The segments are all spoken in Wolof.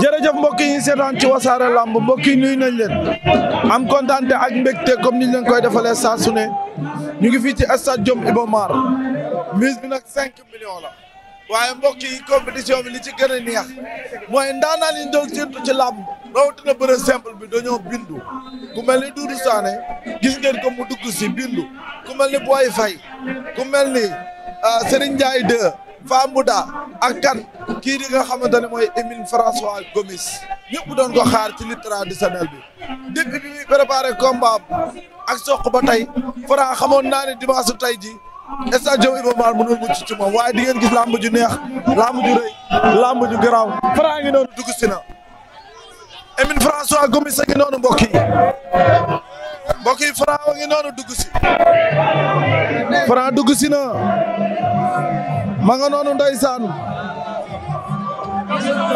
jërëjëf mbokk yi ñu seetaan ci wasaare lamb mbokk yi nuyu nañ leen am kontaan ak mbégte comme niñ leen koy defalee saa su ne ñu ngi fii ci stade Jom Iba Mar mise bi nag cinq millions la waaye mbokk yi compétition bi li ci gën a neex mooy ndaanaan yi doon séntu ci làmb rawatina bëre simple bi dañoo bindu ku mel ni Doudou Sané gis ngeen ko mu dugg si bindu ku mel ni Boy Faye ku mel ni euh, Serigne Ndiaye 2 Fambuda ak kan kii di nga xamante ne mooy Émile François Gomis ñëpp doon ko xaar ci lutte traditionnelle bi depuis bi muy préparé combat ak soq ba tey Franc xamoon naa ne tey ji stade Iba Mar mënul mucc ci moom waaye di ngeen gis lamb ju neex lamb ju rëy lamb ju garaaw noonu dugg si na Émile François Gomis a ngi noonu mbokk yi mbokk yi noonu dugg na ma nga noonu ndeysaan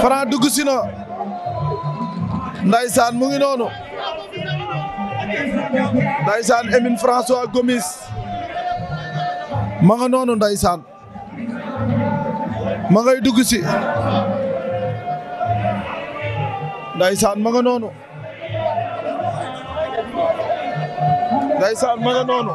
Franc dugg si na ndeysaan mu ngi noonu ndeysaan Emine François Gomis ma nga noonu ndeysaan ma ma nga noonu ndeysaan ma nga noonu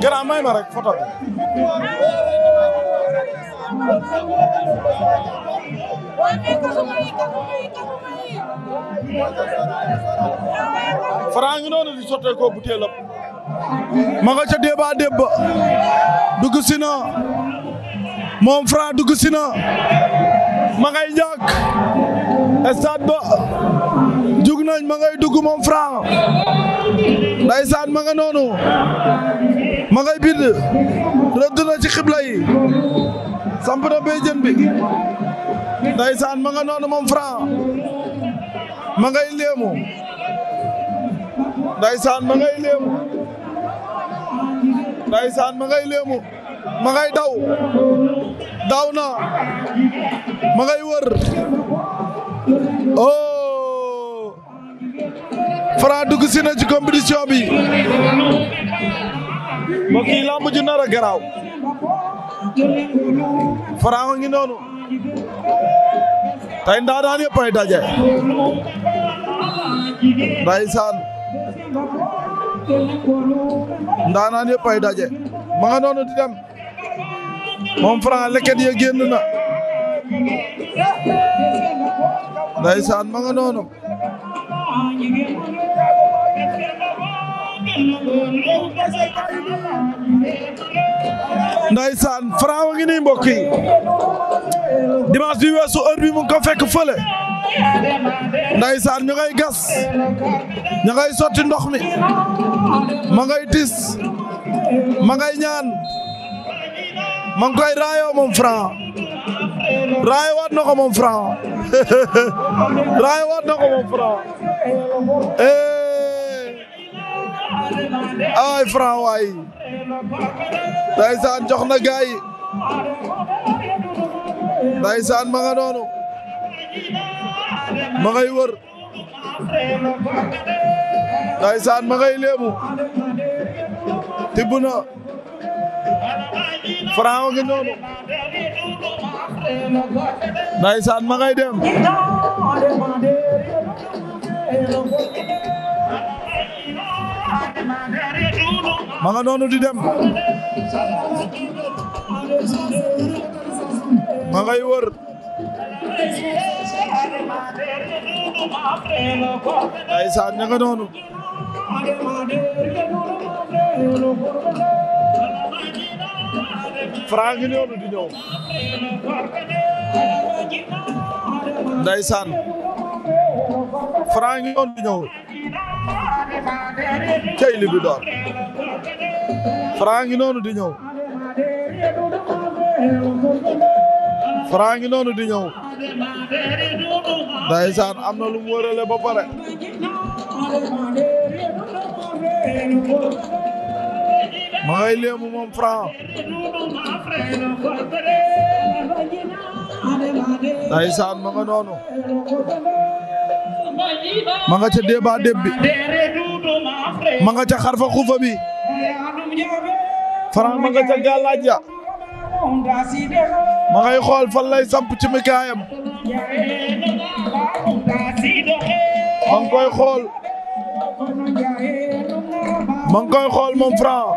gannaaw may ma rek photo bi. noonu di ko butéel ab ma nga ca déeba moom Franc dugg si na ma ngay jug nañ ma dugg moom Franc ndaysaan ma nga noonu ma ngay bind rëdd na ci xibla yi samp na bee jën bi ndaysaan ma nga noonu moom Franc ma ngay léemu ndaysaan ma ngay léemu ndaysaan ma ngay léemu daw daw na ma wër oh Franc dugg si na ci compétition bi mbokk yi lamb ju nar a garaaw Franc ngi noonu ndaanaan yëpp ay daje ndeysaan ndaanaan yëpp daje ma di dem moom Franc leket ya na ndeysaan ma nga Ndeysaan Franc wa ngi nii mbokk yi dimanche bi weesu heure bi mu ko fekk fële Ndeysaan ñu ngay gas ñu ngay sotti ndox mi ma ngay tis ma ngay ñaan ma ngi raayoo moom Franc raay waat na ko moom Franc raay waat Franc eh. ay Franc waay jox na gaay ndeysaan ma nga noonu ma ngay wër ndeysaan ma ngay léemu tibb na Franc ngi noonu ndaysaan ma ngay dem ma nga noonu di dem ma ngay wër ndaysaan ña nga noonu Franc ngi noonu di ñëw ndeysaan Franc ngi noonu di ñëw cey li bi door Franc ngi noonu di ñëw Franc ngi noonu di ñëw ndeysaan am na lu mu wërale ba pare ma ngay léemu moom Franc Ndeysaan ma nga noonu ma nga ca débat déb bi ma nga ca xarfa xufa bi Franc ma nga ca gàllaaj ya ma ngay xool fan lay samp ci mikaayam ma ngi koy xool ma ngi koy xool moom Franc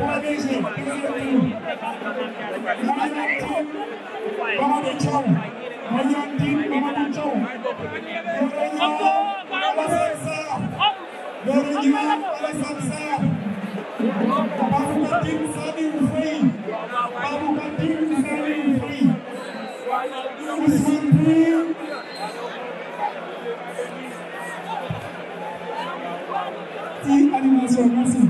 Protégé. Mamadou Thiaw. Mamadou Thiaw. Magnantine Mamadou Thiaw. Alassane Sarr. Loro Ndiaye Alassane Sarr. Baboubacar Saliou Faye. Baboubacar Saliou Faye. Ousmane Pouye. Ci animation merci.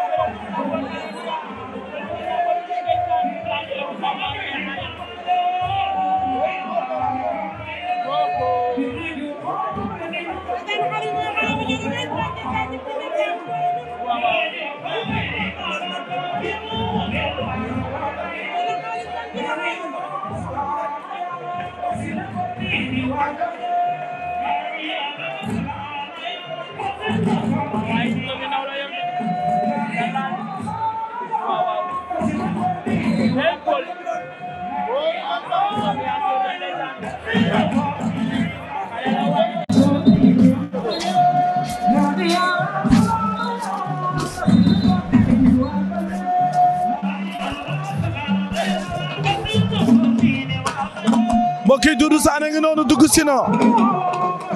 mbokk yi Doudou Sané noonu dugg si na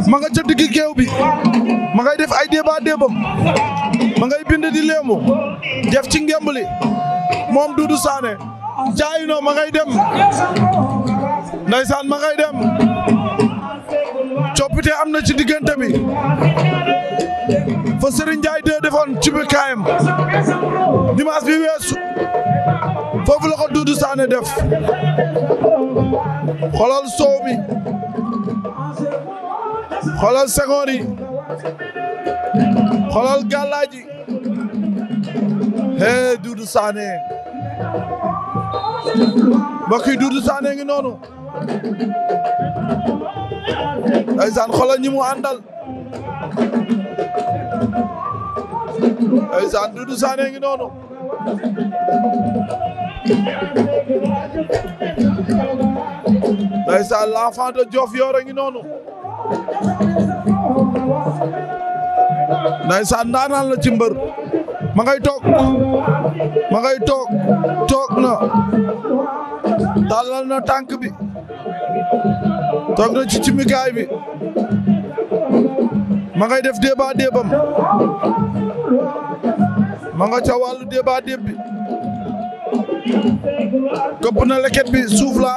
ma nga ca digg géew bi ma ngay def ay débat débam ma ngay bind di léemu def ci ngemb li moom Doudou Sané jaayu noo ma ngay dem ndaysaan ma ngay dem coppite am na ci diggante bi fa Serigne Ndiaye 2 defoon ci bi kaayam bi weesu foofu la ko Doudou Sané def xoolal soow mi xoolal sengoor yi xoolal gàllaaji hee Doudou Sané mbokk yi Doudou ngi noonu ndeysaan xoolal ñi mu àndal ndeysaan Doudou Sané ngi noonu ndeysaan l'enfant de Diof yoor a ngi noonu ndeysaan ndaanaan la ci mbër ma ngay toog ma ngay toog toog na tàllal na tànk bi toog na ci cimikaay bi ma ngay def débat débam ma nga ca wàllu débat déb bi këpp na leket bi suuf la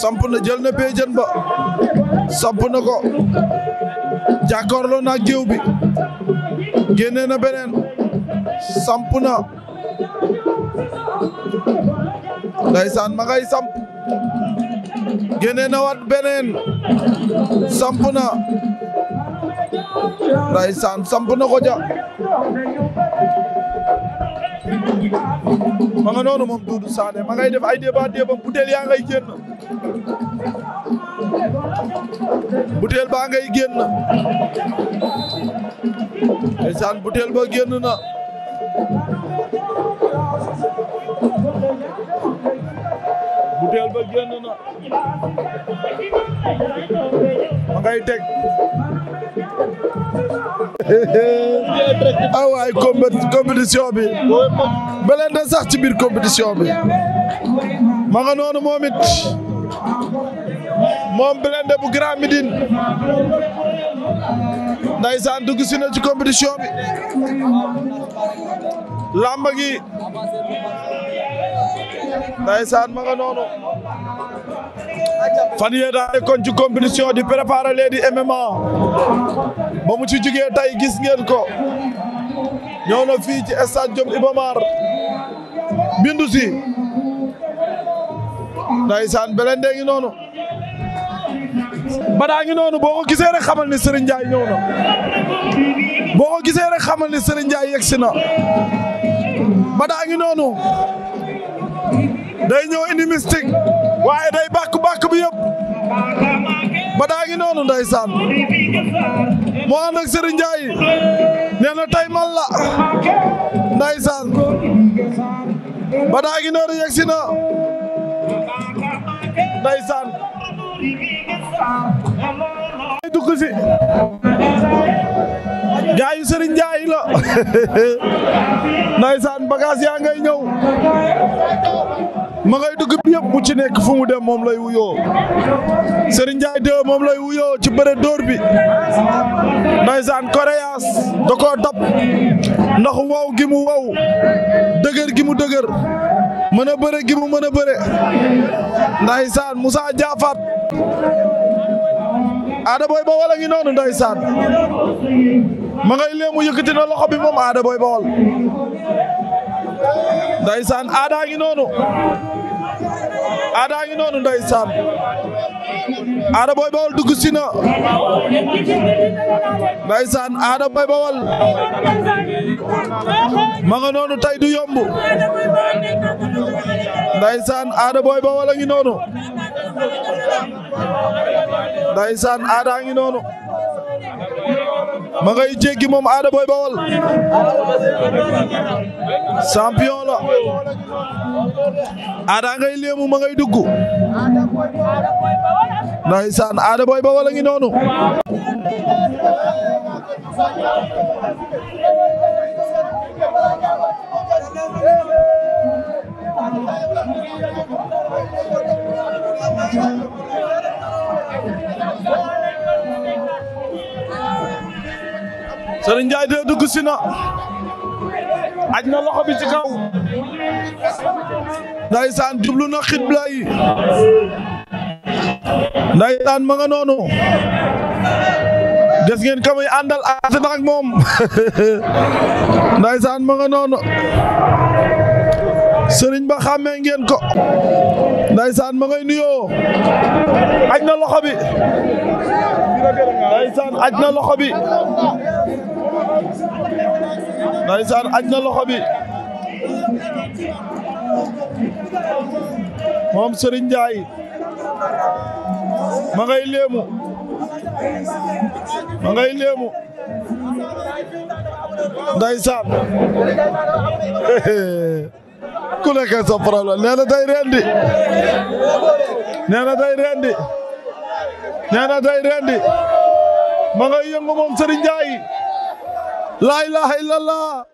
samp na jël na béjjën ba samp na ko jàkkaarloo naa géew bi génnee na beneen samp na ndaysaan ma ngay samp génnee na wat beneen samp na ndaysaan samp na ko ja ma nga noonu moom Doudou Sané ma ngay def ay débat débat butéel yaa ngay génn butéel baa ngay génn ndeysaan butéel ba génn na butéel ba génn na ma ngay teg ah waay compétition bi Blindé sax ci biir compétition bi ma moom it moom Blindé bu Grand Médine ci compétition bi làmb gi ndaysaan ma nga noonu fan yee daa nekkoon ci di préparer leen di MMA ba mu ci jugee tey gis ngeen ko ñëw na fii ci stade Diop Iba Mar bindu si ndaysaan Blindé ngi noonu badaa ngi noonu boo ko gisee rek xamal ni Serigne Ndiaye ñëw na boo ko gisee rek xamal ni Serigne Ndiaye yegsi noonu day waaye day bàkk bàkk bi yëpp ba daa ngi noonu ndeysaan moo ànd ak Serigne Ndiaye nee na tey mal la ba daa ngi noonu yegg si na ndeysaan dugg si gaayu Serigne Ndiaye la ndaysaan bagage yaa ngay ñëw ma ngay dugg bi yëpp bu ci nekk fu mu dem moom lay wuyoo Serigne Ndiaye de moom lay wuyoo ci bëre dóor bi ndaysaan koreyaas da koo dab ndax wow gi mu wow dëgër gi mu dëgër mën a bëre gi mu mën a bëre ndaysaan Moussa Diafat Ada Boy Baol a ngi noonu ndeysaan ma ngay léemu yëkkati na loxo bi moom Ada Boy Baol ndeysaan Ada a ngi noonu Ada ngi noonu ndeysaan Ada Boy Baol dugg si na ndeysaan Ada Boy Baol ma noonu tey du yomb ndeysaan Ada Boy Baol a ngi noonu ndeysaan Ada ngi noonu ma ngay jéggi moom Ada Boy Baol champion la Ada ngay léemu ma ngay dugg ndeysaan Ada Boy Baol noonu Serigne Ndiaye de dugg si na aj na loxo bi ci kaw ndaysaan jublu na xibla yi ndaysaan ma noonu gis ngeen ka muy àndal ànd ak moom ndaysaan ma noonu Serigne ba xàmmee ngeen ko ndaysaan ma ngay nuyoo aj na bi aj na loxo bi ndeysaan aj na loxo bi moom Serigne Ndiaye ma ngay léemu ma léemu ndeysaan ku nekk sa problème nee na day rendi nee day rendi nee na moom Serigne Ndiaye laa ilaaha illallah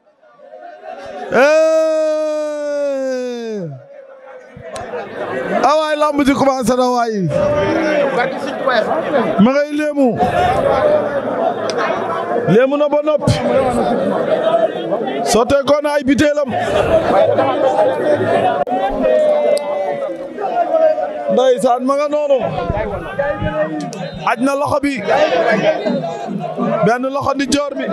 awaay ah lamb ji commencé na waay ma ngay léemu léemu ba noppi sottee ko na ndeysaan ma nga noonu aj na loxo bi benn loxo ni joor bi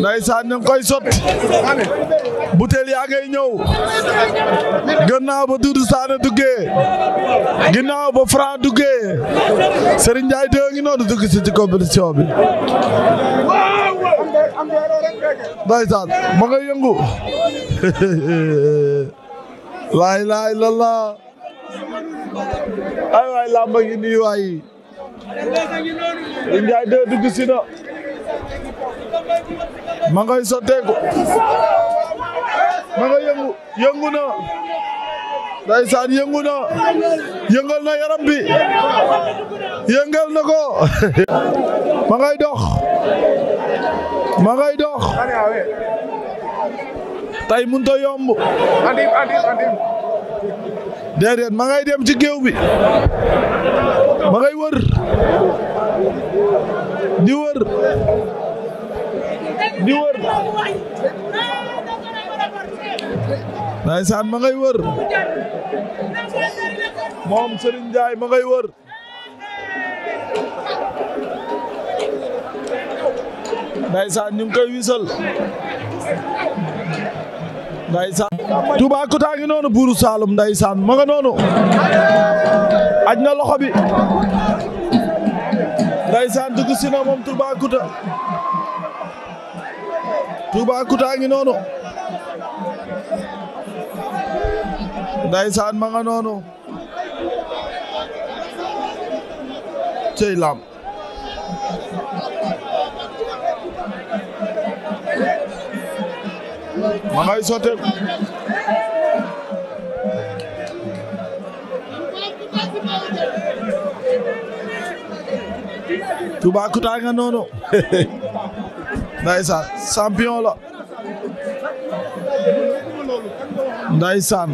ndeysaan ñu ngi koy sotti butéel yaa ngay ñëw gannaaw ba Doudou Sané duggee ginnaaw ba Franc duggee Serigne Ndiaye dégg ngi noonu dugg si ci compétition bi ndeysaan ma nga yëngu laa ilaaha illallah ay waay làmb ngi nii waay i njaay de si na ma ngay sotteeku ma nga yëngu yëngu na ndeysaan yëngu na yëngal na yaram bi yëngal na ko ma ngay dox ma ngay dox tey mënut a yomb. adim adim adim. déedéet ma ngay dem ci géew bi ma ngay wër di wër di wër. Ndeysaan ma ngay wër moom Serigne Ndiaye ma wër Ndeysaan ñu ngi koy wisal ndeysaan Toubacouta ngi noonu buuru Saalum ndeysaan saan nga noonu aj na loxo bi ndeysaan dugg si na moom Toubacouta Toubacouta ngi noonu ndeysaan cey lam ma ngay sotte Toubacouta nga noonu ndaysaan champion la ndaysaan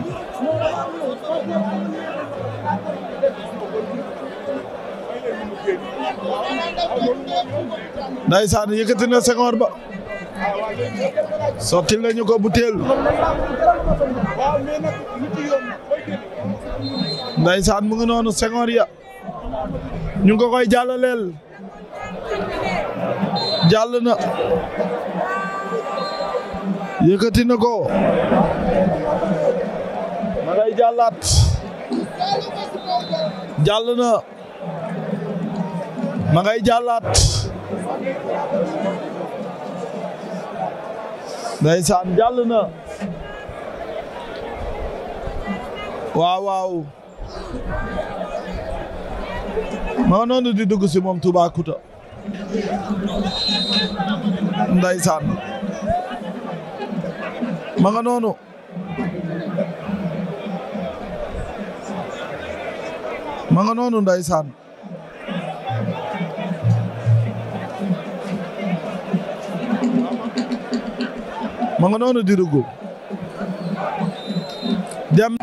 ndaysaan yëkkati na Senghor ba sottil nañu ko butéel ndaysaan mu ngi noonu sengoor ya ñu ngi ko koy jàllaleel jàll na yëkkati na ko ma ngay jàllaat jàll na ma ngay jàllaat ndeysaan jàll na ma noonu di dugg si moom Toubacouta ndeysaan ma nga noonu ma nga noonu ndeysaan ma nga noonu di dugg dem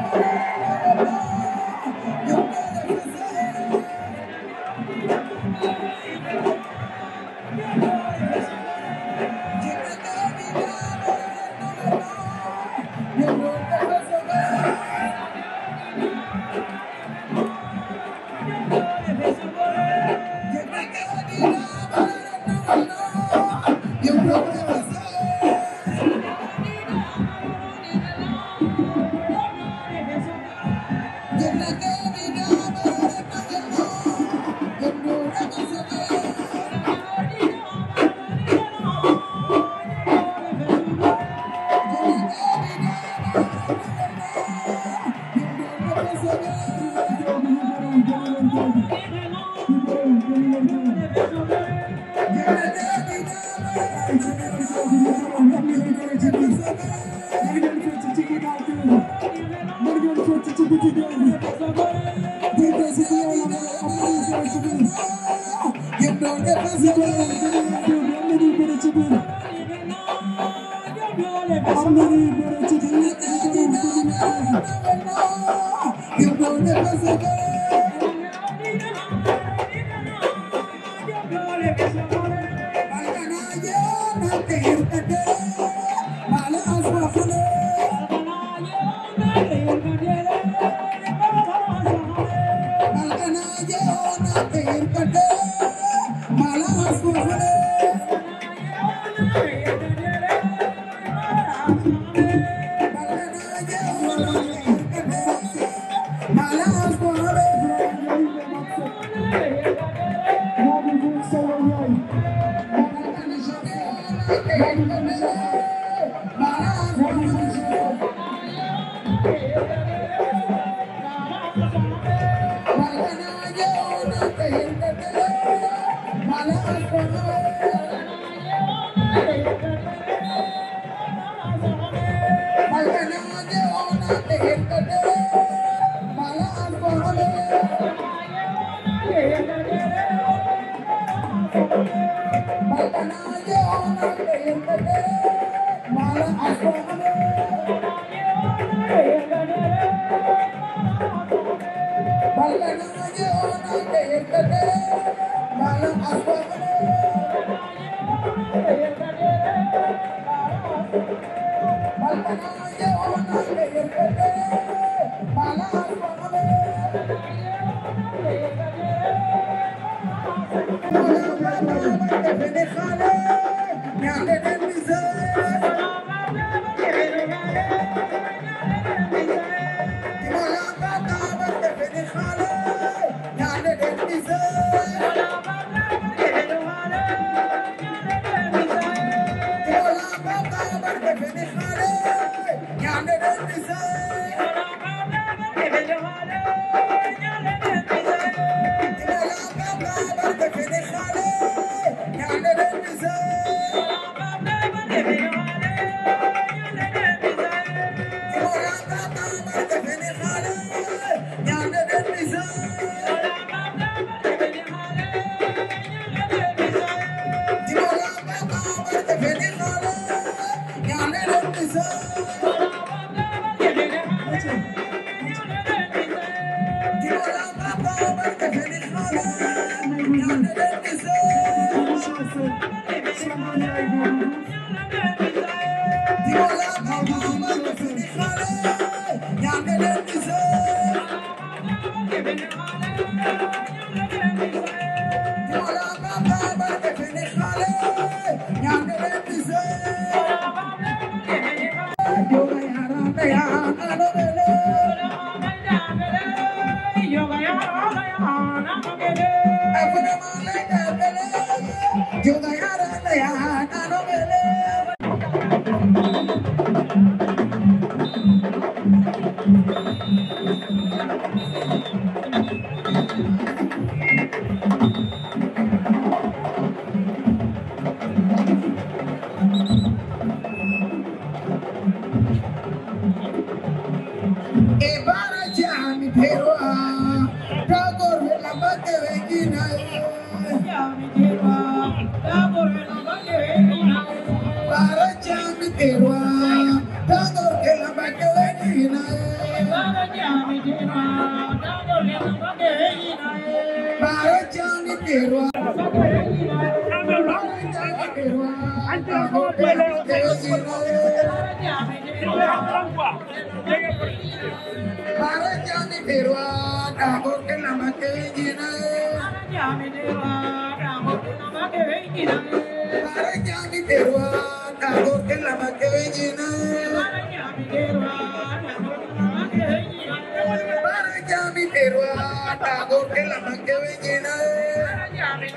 Para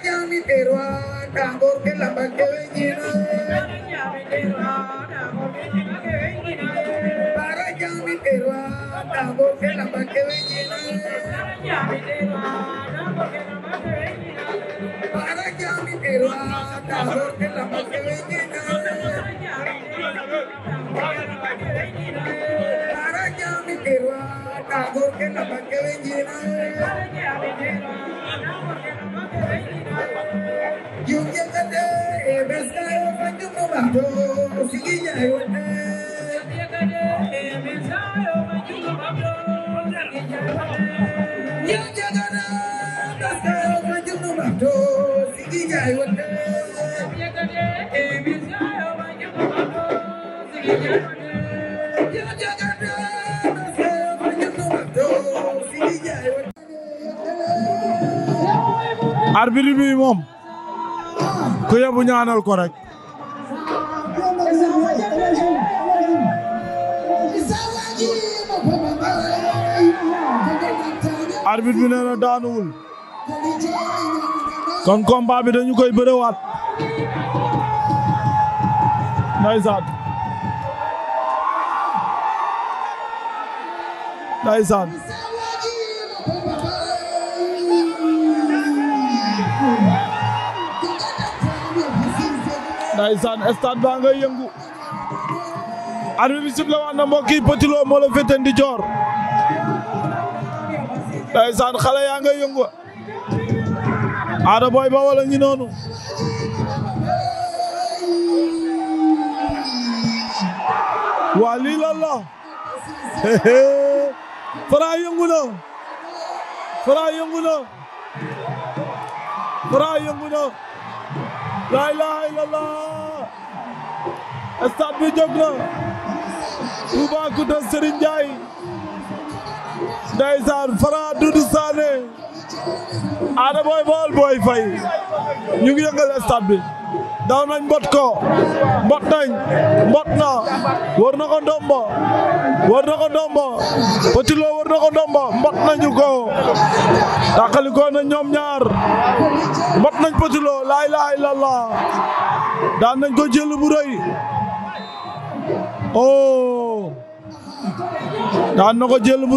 que a mi peruana, porque la parte vecina. Para que a mi peruana, porque la ñaanal ko rek arbitre bi nee na daanuwul kon combat bi dañu koy bërewaat ndaysaan stade baa ngay yëngu arbitre bi siflé waat na mbokk yi Petit Lo moo la féete ndijoor ndaysaan xale yaa ngay yëngu Ada Boy Baol a ngi noonu waa lii lan yëngu na Franc yëngu na Franc yëngu na laa ilaaha illallah stade bi jóg na Toubacouta Serigne Ndiaye ndeysaan Fara Doudou Sané Ada Boy Baol Boy Faye ñu ngi yëngal stade daw nañ mbot ko mbot nañ mbot na war na ko ndombo war na ko dombo Petit Lo na ko ndombo mbot nañu ko tàqali ko ñoom ñaar mbot nañ Petit Lo la ilaha daan nañ ko jël bu rëy oh. daan na ko jël bu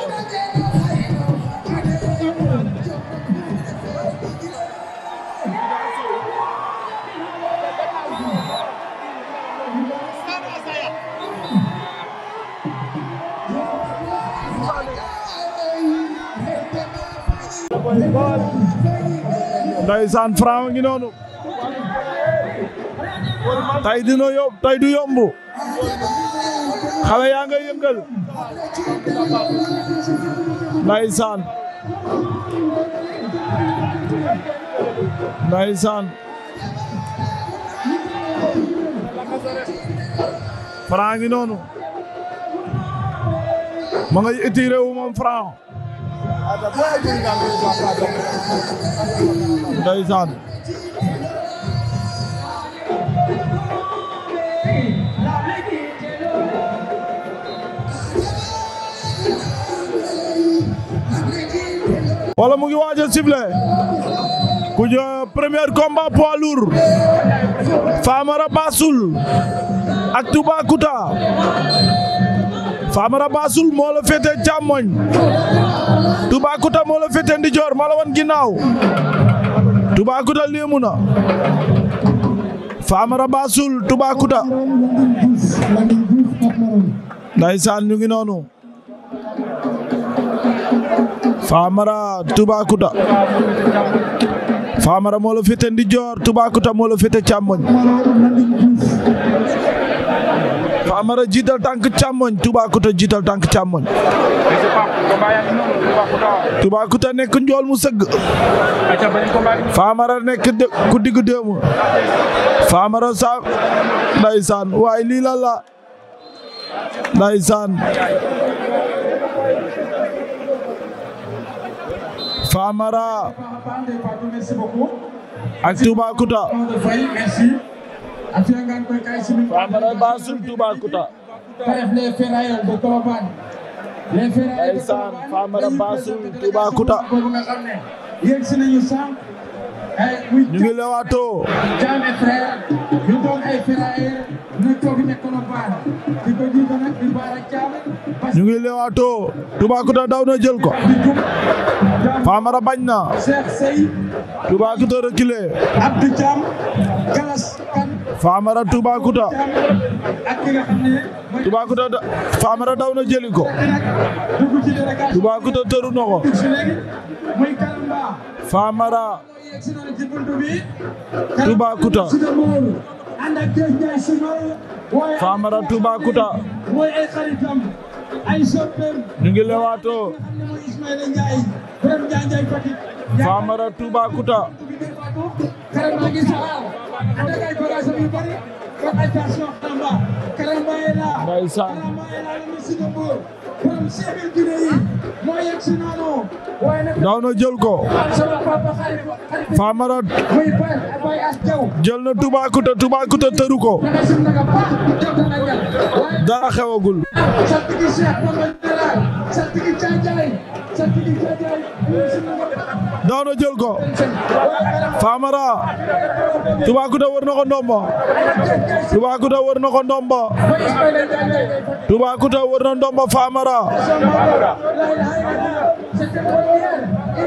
ndeysaan Franc ngi noonu tay dina yomb tay du yomb xale yaa ngay yëngal ndeysaan ndeysaan Franc ma ngay étiré wu moom Franc ndeysaan wala mu waaj a sifflé ku jë premier combat poids lourd Famara Bassoul ak Famara Bassoul moo la féete càmmoñ Toubacouta moo la féete ndijoor moo la wan ginnaaw Toubacouta léemu na Famara Bassoul Toubacouta ndaysaan ñu ngi noonu Famara Toubacouta Famara moo la féete ndijoor Toubacouta moo la féete càmmoñ Pamara jiital tànk càmmoñ Toubacouta jiital tànk càmmoñ Toubacouta nekk njool mu sëgg Famara nekk ku diggu dëemu Famara sa ndaysaan waay lii la la ndaysaan a fiya ngan koy ka i simin ba sum Toubacouta te ref les ferrailleurs de Colobane les ferrailleurs de Colobane Famara ba sum Toubacouta boobu nga xam ne yegg ñu ngi leewaatoo Toubacouta daw na jël ko Famara bañ na Toubacouta reculé Famara Toubacouta Toubacouta Famara daw na jëli ko Toubacouta tëru na ko Famara ànd ak Géej Njaay Senghor waaye ay xaritam ay soppeem ngi lewaatoo mooy Ismaïla Njaay borom Njaay Fatick Famara Toubacouta Karamba gi salaam ànd ak ay bagage yu bari kon ay station Karamba Karamba yee la Ndeysaan Karamba yee borom seexil Guinée yi moo yegg si daaw na jël ko. Famara jël na Toubacouta Toubacouta tëru ko. dara xewagul. daaw na jël ko Famara Toubacouta wër na dombo ndomba Toubacouta wër na ko ndomba Toubacouta wër na ndomba Famara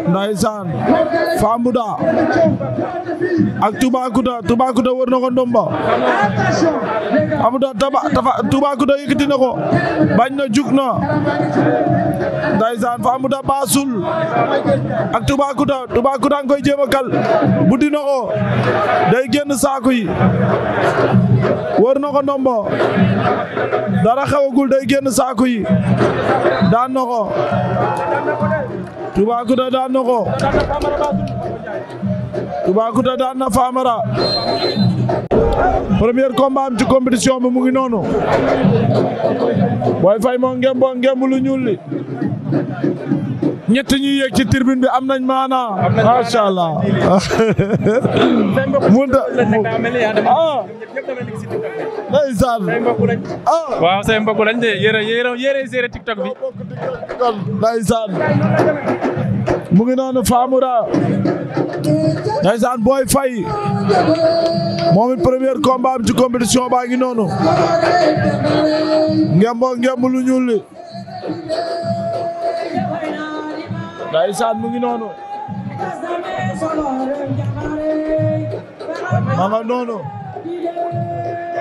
ndaysaan Fambuda ak Toubacouta Toubacouta wër na ko ndomba Fambuda taba Toubacouta yëkkati na ko bañ na jug baasul ak Toubacouta Toubacouta nga koy jéem day génn saaku yi wër na ko ndombo xewagul day génn saaku yi Toubacouta daan na ko Toubacouta daan na Famara premier combat ci compétition bi mu ngi noonu Boy Faye moo ngem boo ngem lu ñuul li ñett ci tribune bi am nañ maana macha ndeysaan ah. waaw say mu ngi noonu Famoura ndeysaan Boy Faye moom premier combat baa ngi noonu ngembo ngemb lu ñuul li ndeysaan mu ngi noonu ma noonu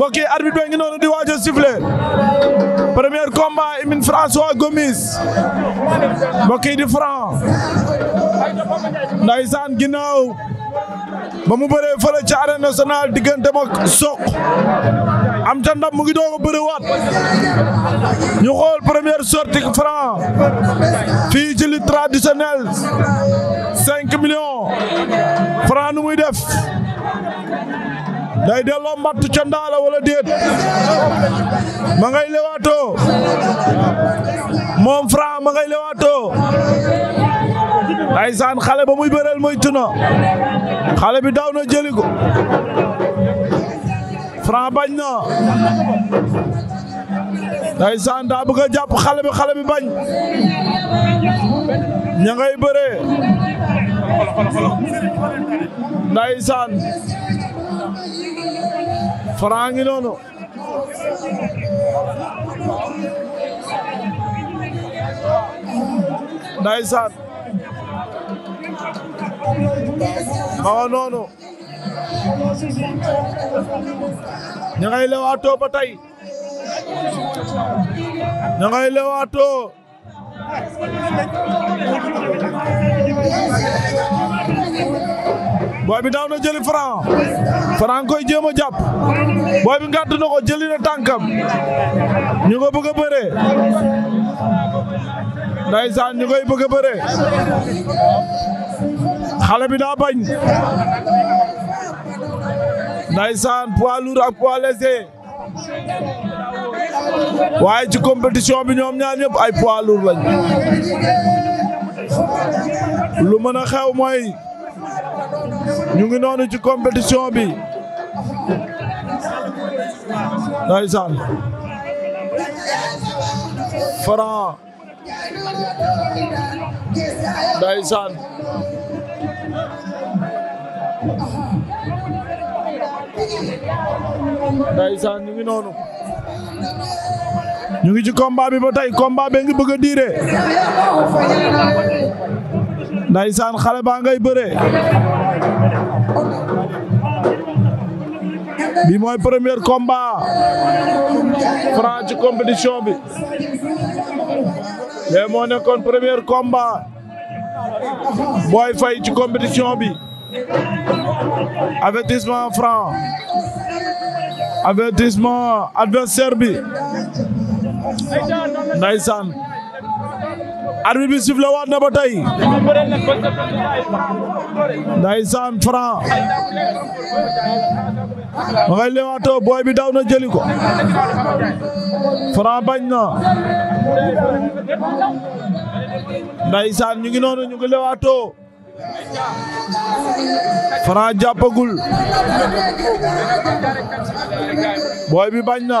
mbokk yi arbitre bi ngi noonu di waaj a sifflé premier combat Emine François Gomis mbokk yi di Franc ndaysaan ginnaaw ba mu bëree fële ci arène nationale diggante ak Sokh am ta ndam mu ngi doog a bëriwaat ñu xool première sortie Franc fii ci li traditionnel cinq millions Franc nu muy def day delloo mbattu ca ndaala wala déet ma ngay lewaatoo moom Franc ma ngay lewaatoo ndeysaan xale ba muy bëreel muy tuna xale bi daw na jëli ko Franc bañ na ndeysaan daa bëgg a jàpp xale bi xale bi bañ ña ngay bëree ndeysaan Franc ngi noonu ndeysaan ma noonu ña ngay lewaatoo ba tey ña ngay lewaatoo booy bi daaw na jëli Franc Franc koy jéem a jàpp bi ngàdd na ko jëli na tànkam ñu ko bëgg a bëree ndaysaan ñu koy bëgg a bëree xale bi daa bañ ndaysaan poids lourd ak poids léger ci compétition bi ñoom ñaar ñëpp ay poids lourd lañ lu mën a xew mooy ñu ngi noonu ci compétition bi ndeysaan Franc ndeysaan ñu ngi noonu ñu ngi ci combat bi ba tey combat ngi bëgg a diire ndaysaan xale baa ngay bëree bi mooy premier combat Franc ci compétition bi mais moo nekkoon premier combat Boy Faye ci compétition bi avertissement Franc avertissement adversaire bi ndaysaan arbitre bi sifflé waat na ba tey ndeysaan Franc ma ngay lewaatoo booy bi daw na jëli ko bañ na ndeysaan ñu ngi noonu ñu ngi lewaatoo Franc jàppagul booy bi bañ na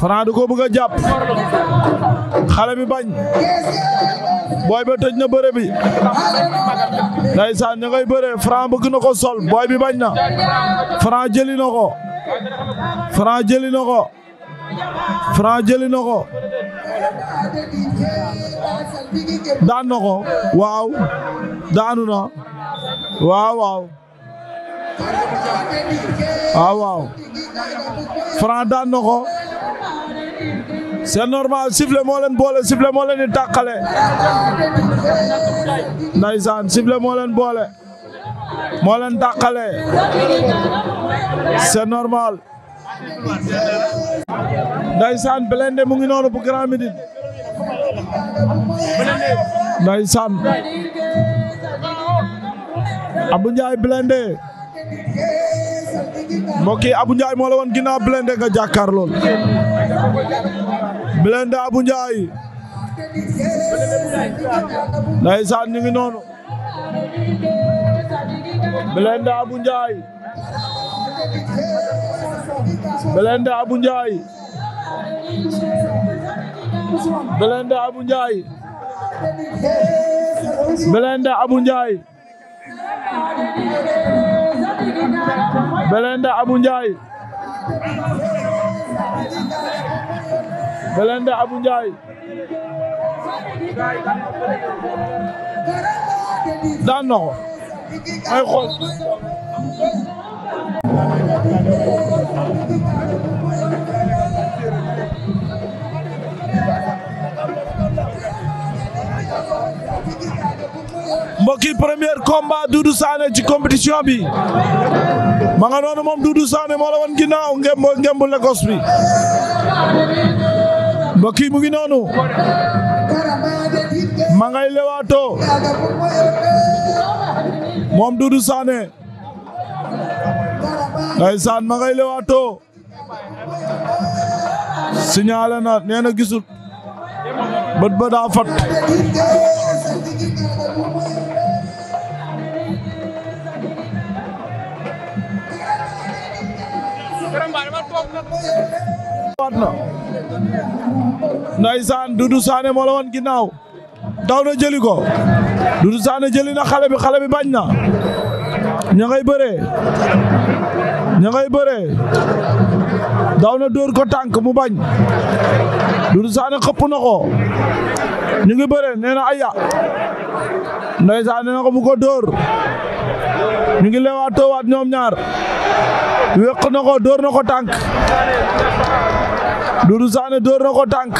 Franc da ko bëgg a xale bi bañ booy ba tëj na bëre bi ndeysaan ña ngay bëre Franc bëgg na ko sol booy bi bañ na Franc jëli na ko Franc jëli na ko Franc jëli na ko daan na ko waaw daanu na waaw waaw waaw ah, waaw Franc daan ko c'est normal sifflet moo leen boole sifflet moo leen di tàqale ndaysaan sifflet moo leen boole moo leen tàqale c'est normal ndaysaan Blindé mu ngi noonu bu Grand Médine ndaysaan Abou Ndiaye Blindé mbokk yi Abou Ndiaye moo la woon ginnaaw Blindé nga jàkkaar lool Blindé Abou Ndiaye ndeysaan ñu ngi noonu Blindé Abou Ndiaye Blindé Belenda Abu njaay Belenda Abu njaay daan mbokki premier combat Doudou Sané ci compétition bi ma nga noonu moom Doudou Sané moo la woon ginnaaw ngemb ngemb Lagos bi mbokki mu ngi noonu ma ngay lewaatoo moom Doudou Sané ndeysaan ma ngay lewaatoo signalé na nee na gisul bët ba daa fat Ndeysaan Doudou Sané moo la woon ginnaaw daw na jëli ko Doudou Sané jëli na xale bi xale bi bañ na ña ngay bëree bëre ngay daw na dóor ko tànk mu bañ Doudou Sané xëpp na ko ñu ngi bëree nee na aya Ndeysaan nee na ko mu ko dóor ñu ngi leewaatoowaat ñoom ñaar wéq na ko dóor na ko tànk Doudou Sané door na ko tànk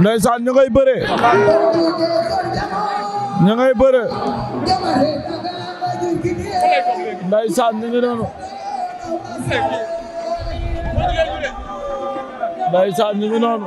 ndeysaan ñu ngay bëre ñu ngay bëre ndeysaan ñu noonu ndeysaan ñu ngi noonu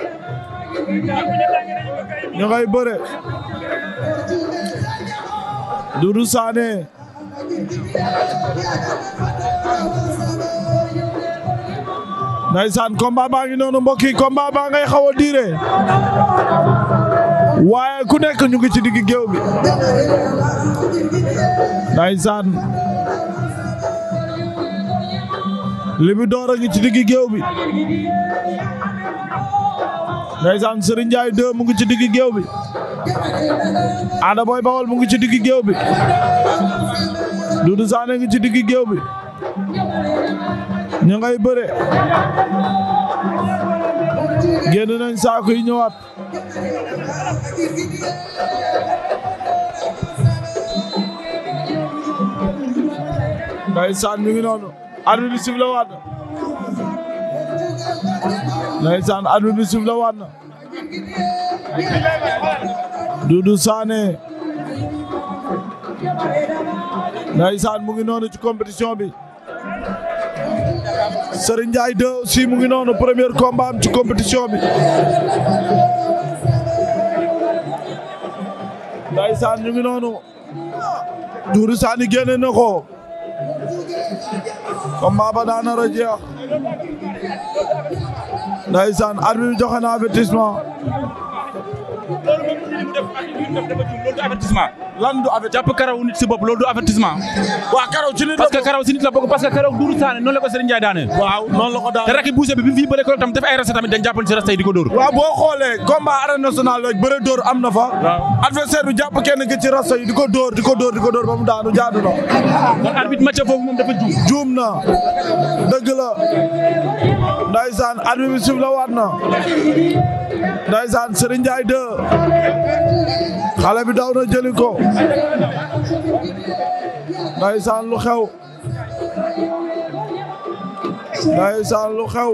ñu ngay bëre Doudou Sané Ndeysaan combat baa ngi noonu mbokk yi combat baa ngay xaw a diire waaye ku nekk ñu ngi ci digg géew bi Ndeysaan Libidor a ngi ci digg géew bi ndeysaan Serigne Ndiaye 2 mu ngi ci digg géew bi Ada Boy Bawol mu ngi ci digg géew bi Doudou Sané ngi ci digg géew bi ñu ngay bëre génn nañ saako yi ñëwaat ndeysaan mi ngi noonu arbitre bi siflé waat ndeysaan arbitre bi sifflé waat na Doudou Sané ndeysaan mu ngi noonu ci compétition bi Serigne Ndiaye 2 aussi mu ngi noonu premier combat ci compétition bi ndeysaan mu ngi noonu Doudou Sané génne na ko combat ba daa ndeysaan arbitre bi joxe na avertissement def ak li ñu def dafa juum loolu du avertissement. lan du avertissement jàpp karaw nit si bopp loolu du avertissement. waaw karaw ci nit la parce que karaw si nit la bokk parce que karaw duuru saane noonu la ko Serigne Ndiaye daane. waaw noonu la ko daane te rakki buuse bi bi mu fi bëree ko tam def ay rasta tamit dañ jàppal si rasta yi di ko dóor. waaw boo xoolee combat arène nationale rek bëre dóor am na fa. waaw adversaire bi jàpp kenn ki ci rasta yi di ko dóor di ko dóor di ko dóor ba mu daanu jaadu na. kon arbitre match foofu moom dafa juum. juum na dëgg la ndaysaan arbitre bi sif la waat na ndaysaan Serigne Ndiaye 2 xale bi daw na ko ndeysaan lu xew ndeysaan lu xew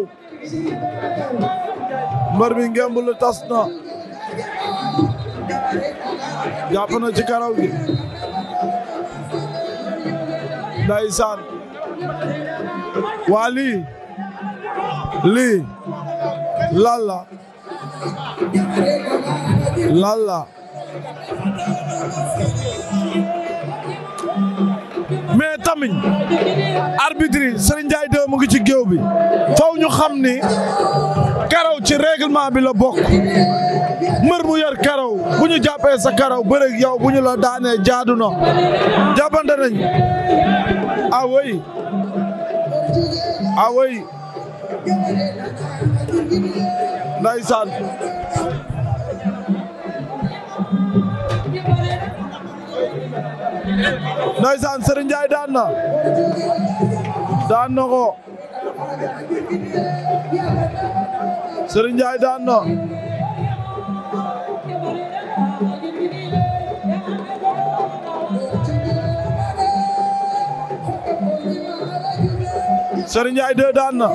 mbër bi ngemb lu na ci karaw gi ndeysaan lii lii lan la mais tamit arbitre yi Serigne mu ngi ci géew bi faw ñu xam ni karaw ci règlement bi la bokk mbër bu karaw bu ñu jàppee sa karaw bëreeg yow bu ñu la daane jaadu na jàppante nañ awoy awoy ndeysaan Serigne Ndiaye daan daan na daan na Serigne Ndiaye deux daan na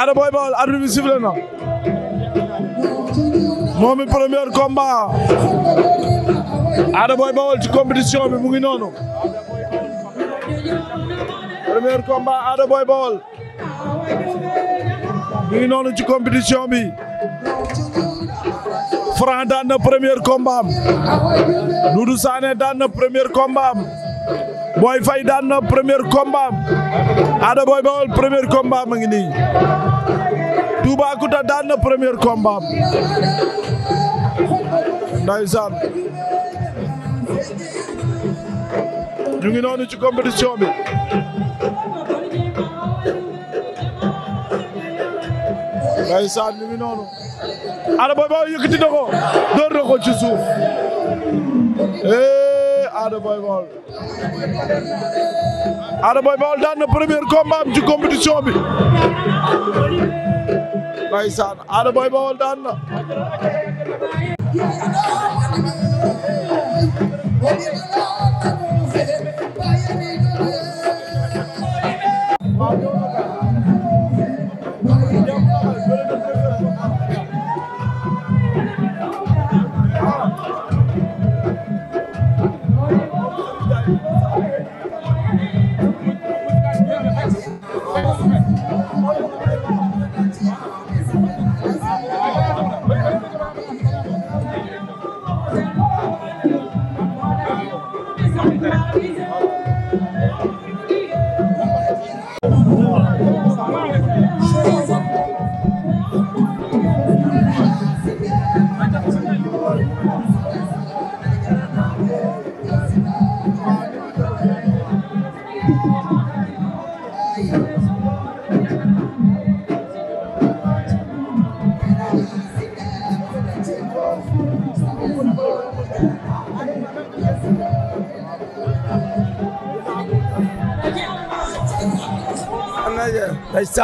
Ada Boy Baol arbitre bi sifflé na moom mi premier Ada Boy Baol ci compétition bi mu ngi noonu premier combat Ada Boy Baol mu ngi noonu ci compétition bi Franc daan na premier combat am Doudou Sané daan na premier combat am Boy Faye daan na premier combat am Ada Boy Baol premier combat am a ngi nii Toubacouta daan na premier combat am ndeysaan ñu ngi noonu ci compétition bi ndeysaan ñu ngi ko door na ci suuf eh Ada Boy Baol Ada Boy daan na premier combat am ci compétition bi Yeah.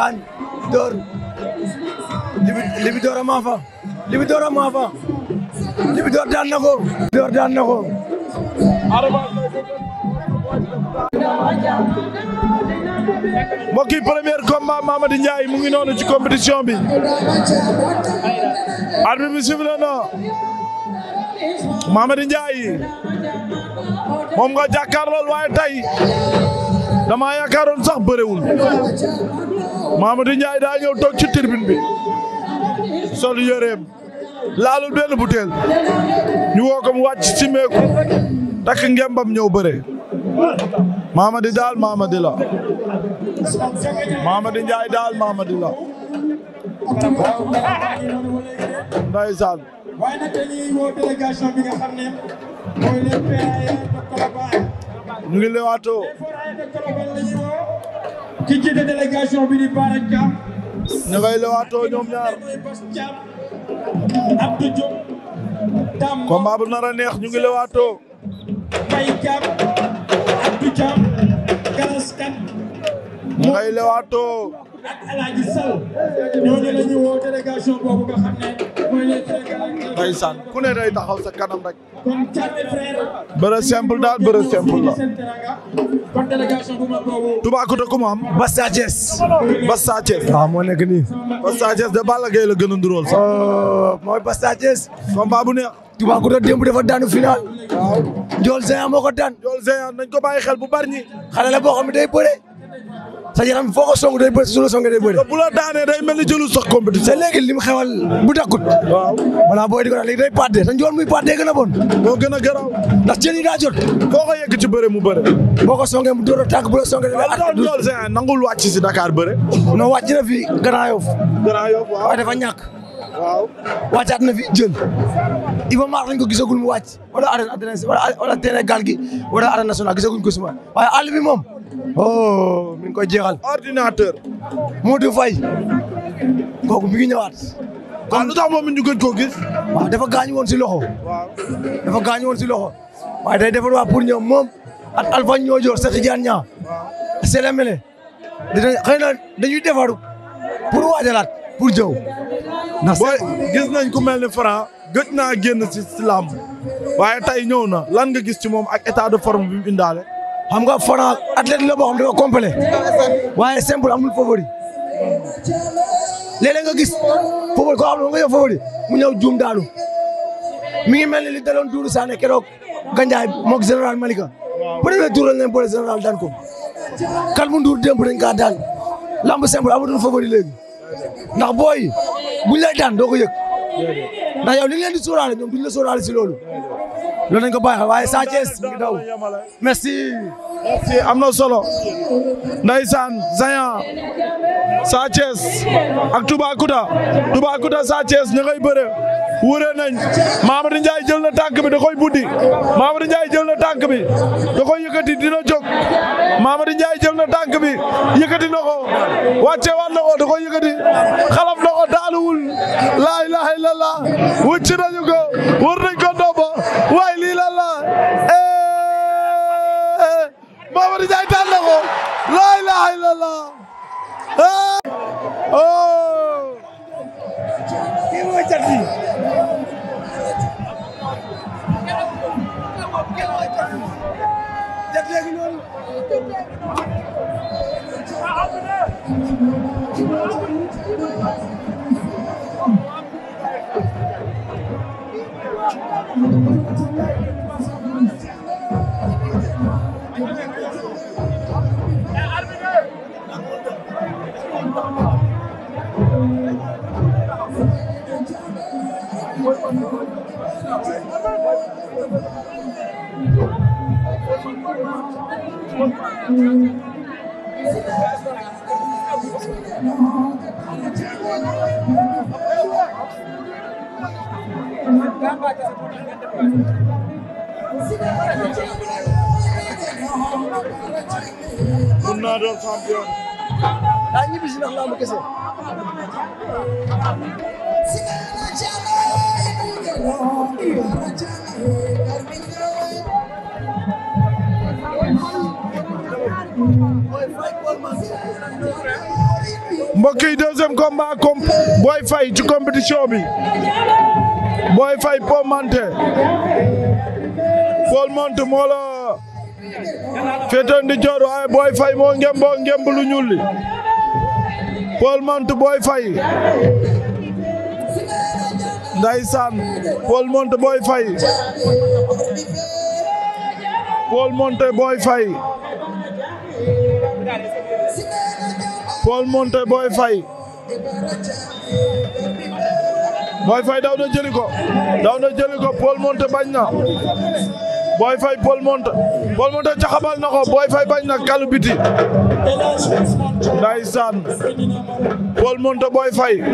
daan door libi door a libi door a libi door daan na ko door daan na ko mbokk yi premier combat Mamady Ndiaye mu ngi noonu ci compétition bi arbitre bi sifflé na Mamady Ndiaye moom nga jàkkaarlool waaye tey damaa yaakaaroon sax bërewul Mamadou Ndiaye daa ñëw toog ci tribune bi sol yëreem laalul benn butéel ñu woo ko mu wàcc ci meeku takk ngembam ñëw bëre Mamadou daal Mamadou la daal Mamadou la ndeysaan mu ngi lewaatoo ki jiite délégation bi di Bara Thiam ñu ngay lewaatoo ñoom ñaar Abdou Diop combat bu nar a neex ñu ngi lewaatoo Baye Thiam Abdou Thiam Galas Kane ñu ngay lewaatoo ak El Hadj Sall ñooñu la ñu woo délégation boobu nga xam ne mooy les délégués. ndeysaan ku ne day taxaw sa kanam rek. kon Thiaté frère. bëre simple daal bëre simple la. kon délégation bu mag boobu. Toubacouta ku mu am. Bass Sa Thiès. Bass Sa Thiès. waaw ah, moo nekk nii. Bass Sa Thiès de Balla Gaye la gën a nduróol sax. Oh, mooy Bass Sa Thiès. combat bu neex. Toubacouta démb dafa daanu final. waaw Ndiol Géant moo ko daan. Ndiol Géant nañ ko bàyyi xel bu bari ñi. xale la boo xam ne day bëre. sa yaram foo ko song day bëri su la songee day bëri. bu la daanee day mel ni jëlu sax compétition. te léegi li mu xewal bu dakkut. waaw balaa booy di ko def léegi day pàddee te njool muy pàddee gën a bon. moo gën a garaaw. ndax jën yi daa jot. mu bëre. boo ko songee mu door a tànk bu la songee. nangul wàcc si Dakar bëre. non wàcc na fi Grand Yoff. Grand Yoff waaw waaye dafa ñàkk. waaw wàccaat na fi jën Iba Mar lañ ko gisagul mu wàcc wala arène wala terrain gaal gi wala arène nationale gisaguñ ko suma waaye àll bi oh mi ngi koy jeexal. ordinateur. Modou Faye. kooku mi ngi ñëwaat. waaw lu tax moom it ñu gën koo gis. waaw dafa gaañu woon si loxo. waaw dafa gaañu woon si loxo. waaye defar waa pour ñoom moom ak Alpha Niodior Cheikh Tidiane Niang. waaw Sélé Mélé. dinañ xëy na dañuy defaru pour waajalaat pour jëw. ndax booy gis nañ ku mel ni Franc gëj naa génn si si làmb waaye tey ñëw na lan nga gis ci moom ak état de forme bi mu indaale. xam nga Franc athlète la boo xam dafa complet waaye simple amul nga gis favori koo xam ne nga mu ñëw juum daanu mi ngi mel ni li daloon Doudou Sané keroog Gandiaye moog général Malika premier tour lañ leen daan ko kan mu nduur démb dañ kaa daan lamb simple amatul favori léegi ndax booy buñ lay daan doo ko yëg ndax yow li ngi leen di ñoom duñ la sóoraale si loolu loolu nañ ko bàyyi waaye Sa Thiès ngi daw merci merci am na solo ndeysaan Zayan Sa Thiès ak Toubacouta Toubacouta Sa Thiès ñu bëre wëree nañ Mamadou Ndiaye jël na tànk bi da koy buddi Mamadou Ndiaye jël na tànk bi da koy yëkkati dina jóg Mamadou Ndiaye jël na tànk bi yëkkati na ko wàcce waat na ko da koy yëkkati na ko daaluwul laa ilaha illallah wëcc nañu ko wër nañ ko ndomba waaye lii lan la eh Mamadou Ndiaye daan na ko laa ilaha illallah eh, oh. cat fii cat léegi noonu Thank you. mën naa doon champion. daa ñibbi si ndax laa mu kese. mbokk yi deuxième combat comp ci compétition bi Boy Faye Paul Menthe Paul Menthe di joor waaye Boy Faye moo ngem boo lu ñuul li Paul Menthe Boy Faye ndaysaan Paul Monté Boy Faye Paul Monté Boy Faye Paul Monté Boy Faye Boy Faye na jëli ko daw na jëli ko Paul Monté bañ na Boy Faye Paul Monté Paul Monté caxabal na ko Boy Faye bañ na kalu biti ndaysaan Paul Monté Boy Faye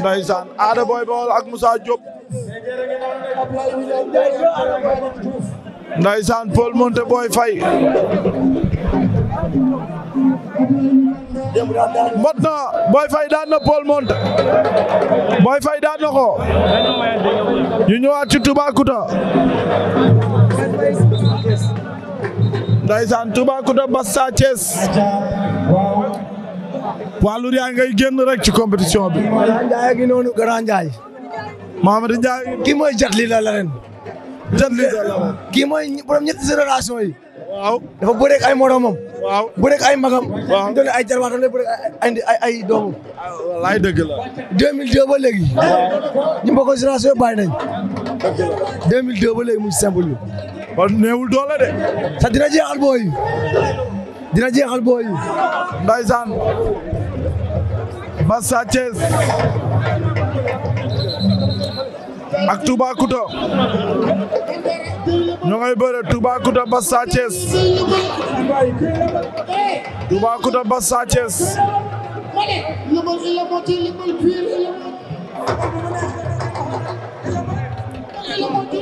ndeysaan Ada Boy Baol ak Moussa Diop ndeysaan Paul Monte Boy Faye mot na Boy Faye daan na Paul Monte Boy Faye daan na ko ñu ñëwaat ci Toubacouta ndeysaan Toubacouta Bassa Thiès waa lu yaa ngay génn rek ci compétition bi. Grand Ndiaye gi noonu Grand Ndiaye. Mamadou Ndiaye. kii mooy la la ren. jatli la la ren. kii mooy borom ñetti génération yi. waaw dafa bëreeg ay moromam. waaw bëreeg ay magam. waaw ñu ay jarwaatam lay bëreeg ay ay ay doomam. wallaay dëgg la. 2002 ba léegi. ñu mbokk génération bàyyi nañ. 2002 ba léegi mu simple bi. kon néewul doole de. sa dina jeexal booy. dina jeexal booy yi. Ndaysaan Bass Sa Thiès ak Toubacouta ñoo ngay bëre Toubacouta Bass Sa Thiès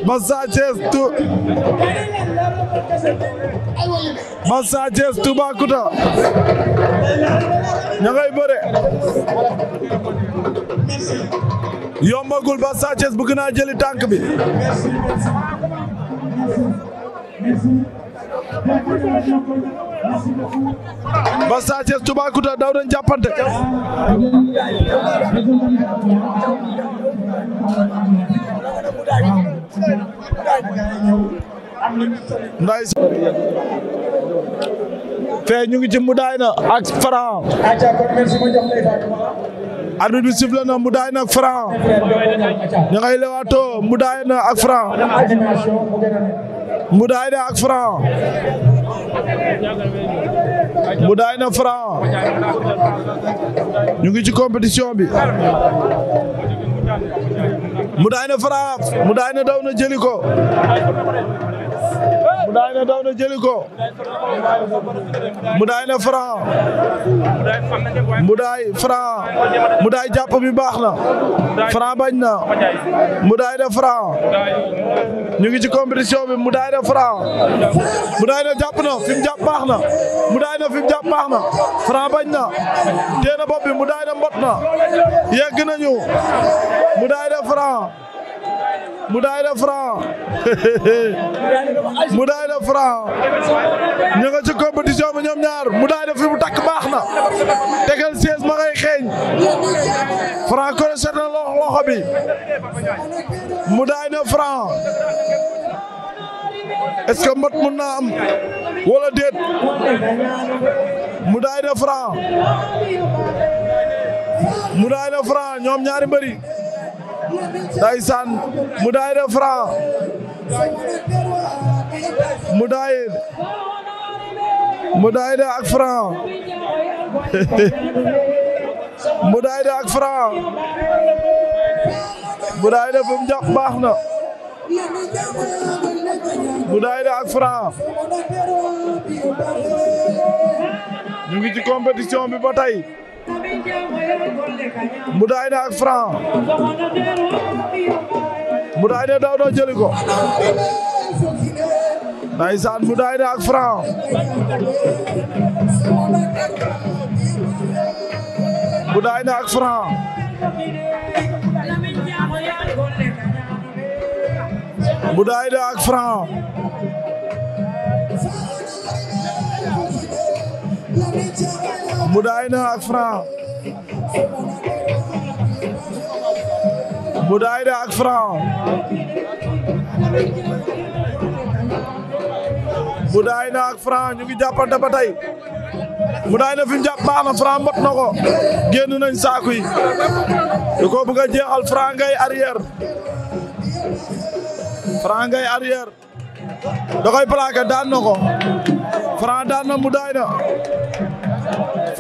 ba Sa Thiès tu ba Sa Thiès Toubacouta ña ngay bëre yombagul ba Sa Thiès tànk bi ba Sa fee ñu ngi ci mudaay na ak Franc arbitre bi sifflé na mudaay na ak Franc ñu ngay lewaato mudaay na ak Franc mudaay na ak Franc ñu ngi ci compétition bi mu daay na Franc mu daay na daw na jëli ko mu daay ne daw na jëli ko mu daay ne Franc mu daay Franc mu daay jàpp bi baax na Franc bañ na mu daay ne Franc ñu ngi ci compétition bi mu daay ne Franc mu daay ne jàpp na fi mu jàpp na mu daay ne fi mu jàpp na Franc bañ na téena bopp bi mu daay ne mbot na yegg nañu mu daay ne Franc mu daay da franc mu daay da franc ñu nga ci bi ñoom ñaar mu daay da fi mu takk baax na tegal sées ma ngay xeeñ franc crochet na loxo loxo bi mu daay na franc est-ce que mbot mun naa am wala déet mu daay na franc mu daay na franc ñoom ñaari mbëri ndaysaan Moudaye de Franc Moudaye Moudaye de ak Franc Moudaye de ak Franc Moudaye de fum jàpp baax na Moudaye de ak Franc ñu ngi ci compétition bi ba tey Mboudaay na ak Franc Mboudaay na na ko ndeysaan Mboudaay na ak Franc Mboudaay na ak na ak Franc Bou Daayda ak Franc Bou Daayda ak Franc ñu ngi jàppante ba tey Bou fi mu jàpp baax na Franc mbot nañ saaku yi da koo bëgg a jeexal Franc ngay arrière Franc ngay arrière daan na ko daan na Bou Daayda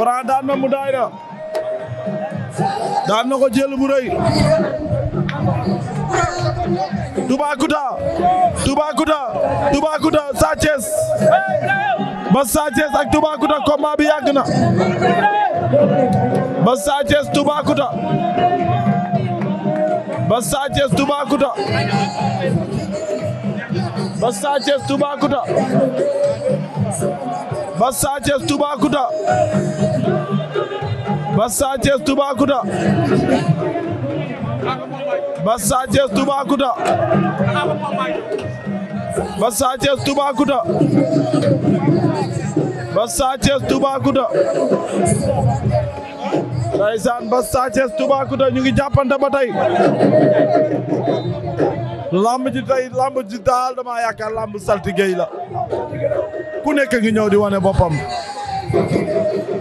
Franc daan na Bou Daayda daan na ko jël bu rëy Toubacouta Toubacouta Toubacouta Sa Thiès ba Sa Thiès ak Toubacouta combat bi yàgg na ba Sa Thiès Toubacouta ba Sa Thiès Toubacouta ba Sa Thiès Toubacouta ba Sa Thiès Toubacouta Bass Sathies Toubacouta Bass Sathies Toubacouta Bass Sathies Toubacouta Bass Sathies Toubacouta Ndeysaan Bass Sathies Toubacouta ñu ngi jàppante ba tey lamb ji tey lamb ji daal dama yaakaar lamb saltige la ku nekk ngi ñëw di wane boppam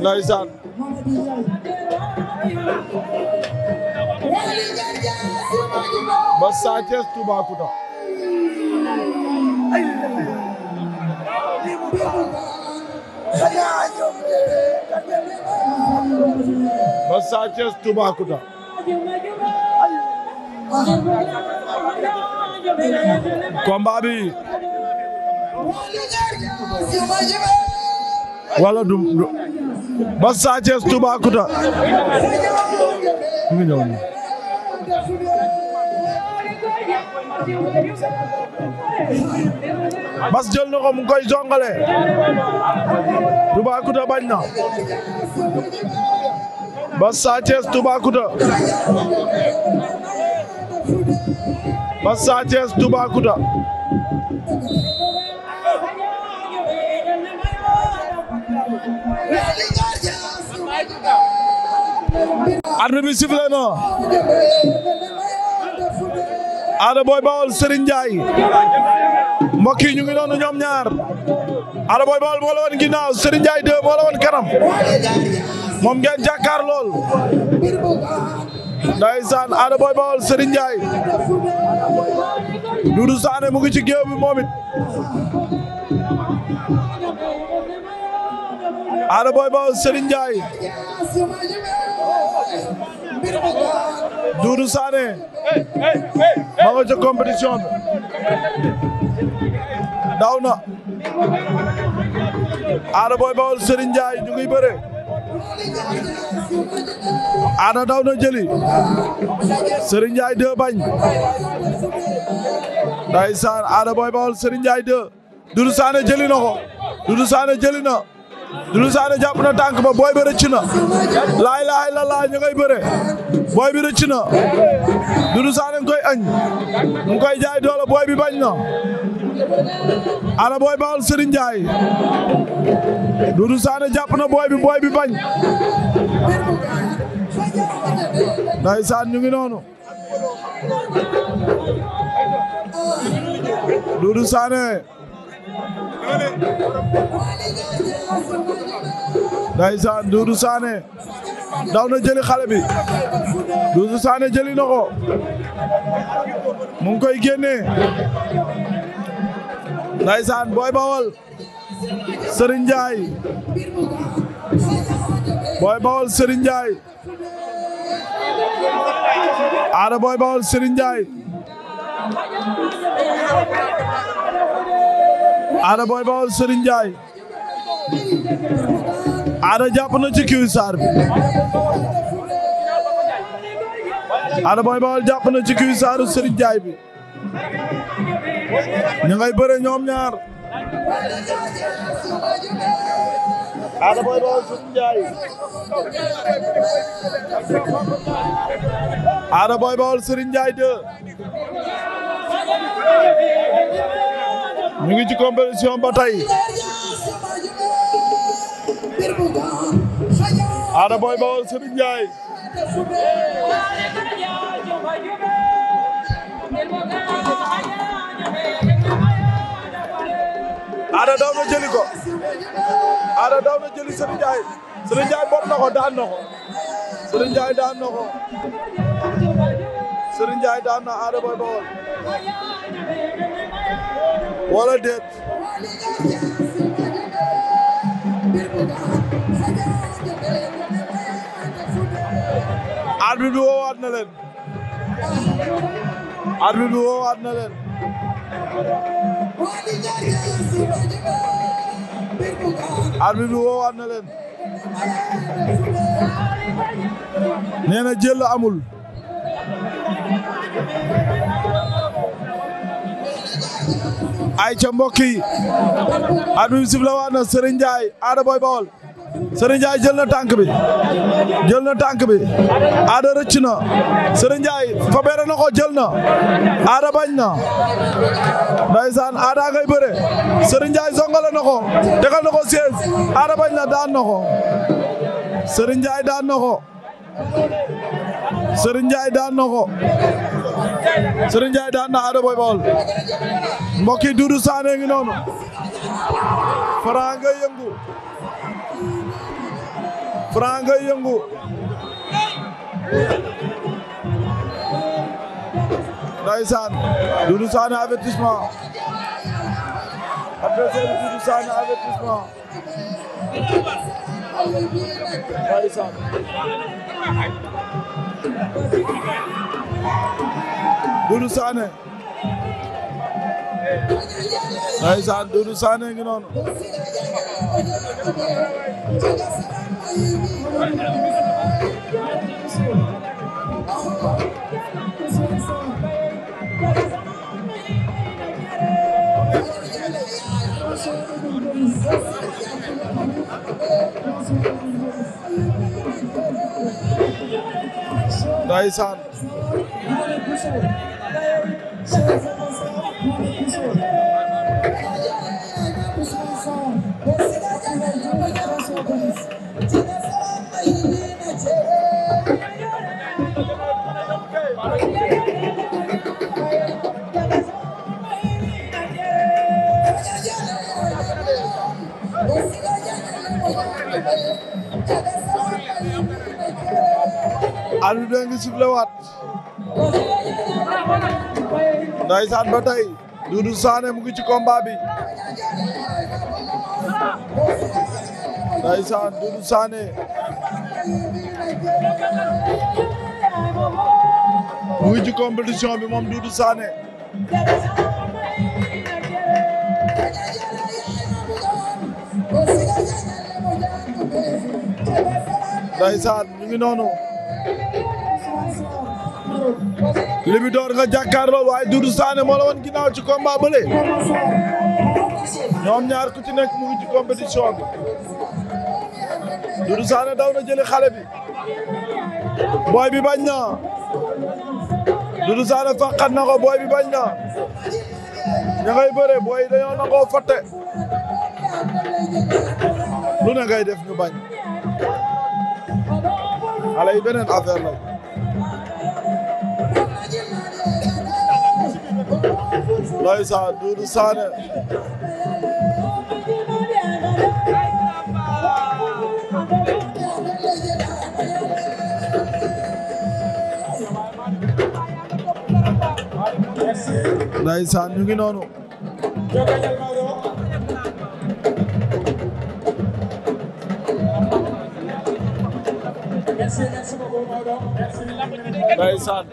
ndeysaan ba Sa Thiès Toubacouta ba Sa Thiès Toubacouta combat bi wala du ba Sa Thiès Toubacouta mu ngi ñëw nii Bas jël na koy jongale Toubacouta bañ na Bas Sa Thiès arbitre bi sifflé na Ada Boy Baol Serigne Ndiaye mbokk yi ñu ngi noonu ñoom ñaar Ada Boy Baol moo la woon ginnaaw Serigne Ndiaye 2 moo la moom ngeen jàkkaar lool ndeysaan Ada Boy Baol Serigne Ndiaye Doudou Sané mu ngi ci moom it Ada Boy Baol Serigne Ndiaye Doudou Sané ma nga ca compétition daw na Ada Boy Baol Serigne Ndiaye ñu ngi bëre Ada daw na jëli Serigne Ndiaye deux bañ ndeysaan Ada na ko Doudou Sané jëli na Doudou Sané jàpp na tànk ba booy bi rëcc na laay laay la laay ñu ngay booy bi rëcc na Doudou Sané nga koy añ mu jaay doole booy bi bañ na ana booy bawal Serigne Ndiaye Doudou Sané jàpp na booy bi booy bi bañ ndeysaan ñu ngi noonu Ndeysaan Doudou Sané daw na jëli xale bi Doudou Sané na ko mu ngi koy génnee Ndeysaan Boy Bawol Serigne Ndiaye Boy Bawol Serigne Ndiaye Ada Boy Bawol Serigne Ndiaye Ada booy Baol Serigne Ndiaye Ada jàpp na ci kiwi saar bi Ada Boy Baol jàpp na ci kiwi saaru Serigne Ndiaye bi ñu ngay bëre ñoom ñaar Ada Boy Baol Serigne ñu ngi ci compétition ba tey Ada Boy Baol Serigne Ndiaye Ada daw na jëli ko Ada daw na jëli daan na ko daan na ko daan na Ada Boy Baol wala déet arbitre bi bi woowaat na na leen nee na jël amul ay ca mbokk yi arbitre bi waat na Serigne Ndiaye Ada Boy jël na tànk bi jël na tànk bi Ada rëcc na Serigne Ndiaye fa ko jël na Ada bañ na ndaysaan Ada ngay bëre Serigne Ndiaye zongale na ko tegal na na daan na ko daan na ko daan na Serigne Ndiaye daan na Ada Boy Baol mbokk ngi noonu Franc yëngu Franc yëngu ndeysaan Doudou Sané avertissement adversaire Doudou Sané ndeysaan Doudou Sané ngi noonu ndeysaan bi sifle waat ndeysaan ba tey Doudou Sané mu ngi ci combat bi ndeysaan Doudou Sané mu ngi ci compétition bi moom Doudou Sané ndeysaan ñu ngi noonu Libidor nga jàkkaarloo waaye Doudou Sané moo la woon ginnaaw ci combat bële ñoom ñaar ku ci nekk mu ngi ci compétition bi Doudou Sané daw na jëli xale bi booy bi bañ na Doudou Sané faqat na ko booy bi bañ na ña bëre booy yi dañoo na koo lu ne def ñu bañ xale yi beneen affaire la ndeysaan Doudou Sané ndeysaan ñu ngi noonu ndeysaan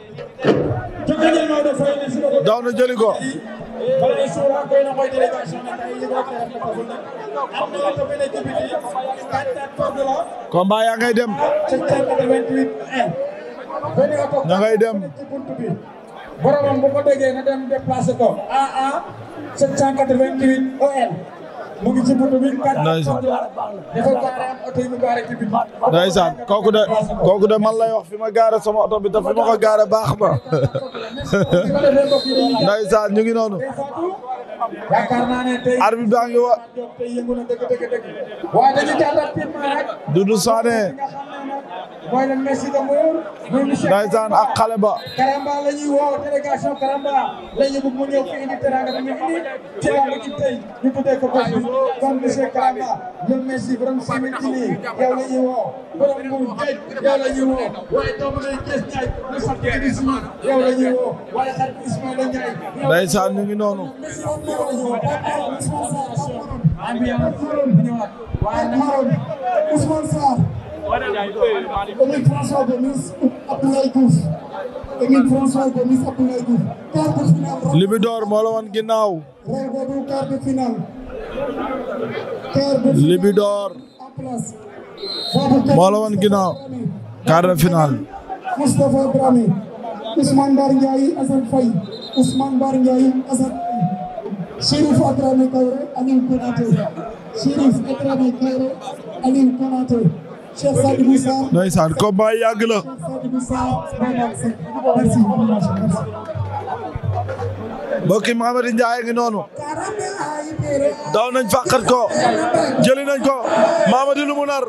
daw na jëli ko combat yaa ngay dem ña ngay dem boromam bu ko déggee na dem déplacé ko AA 788 OL mu ngi ci buntu bi. ndeysaan kooku de kooku de man lay wax fi ma gaare sama oto bi te fi ma ko gaare baax ma ndeysaan ñu ngi noonu. yaakaar naa ne tey arbitre bi daa ngi wa waaye dañu jàllat pirement rek Doudou Sané mooy le Messi de Mbour muy monsieur ndeysaan ak xale ba Karamba la ñuy woo délégation Karamba la ñu bëgg mu ñëw fi indi teranga bi ñu indi ci làmb ci tey ñu tuddee ko bés bi kon monsieur Karamba le Messi borom Simitini yow la ñuy woo borom Mbour Géej yow la ñuy woo waaye doomu lay Géej Ndiaye le sant Idriss yow la ñuy woo waaye xarit Ismaïla Ndiaye ndeysaan ñu ngi noonu Ousmane Sarr émile François Gomis Abdoulaye Diouf émile François Gomis Abdoulaye Diouf quart de finale Libidor moo la woon ginnaaw ren boobu quart de finale quart de finale Libidor moo la woon ginnaaw quart de finale Moustapha Dramé Ousmane Bar Ndiaye Assane Faye Ousmane Bar Ndiaye Assane Chérif Adramé Kairé Aliou Konaté Chérif Adramé Kairé Aliou Konaté ngi noonu daw nañ fàqat ko jëli nañ ko Mamadou mu nar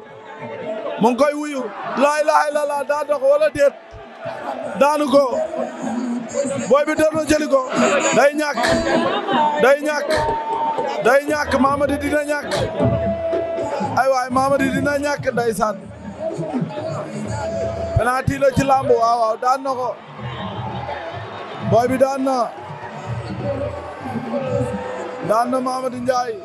mu koy wuyu laa ilaaha illallaah daa dox wala déet daanu ko booy bi dër na ko day ñàkk day ñàkk day ñàkk Mamadi dina ñàkk ay waay Mamadi dina ñàkk ndeysaan penalty la ci làmb waaw waaw daan na ko booy bi daan na daan na Mamadi Ndiaye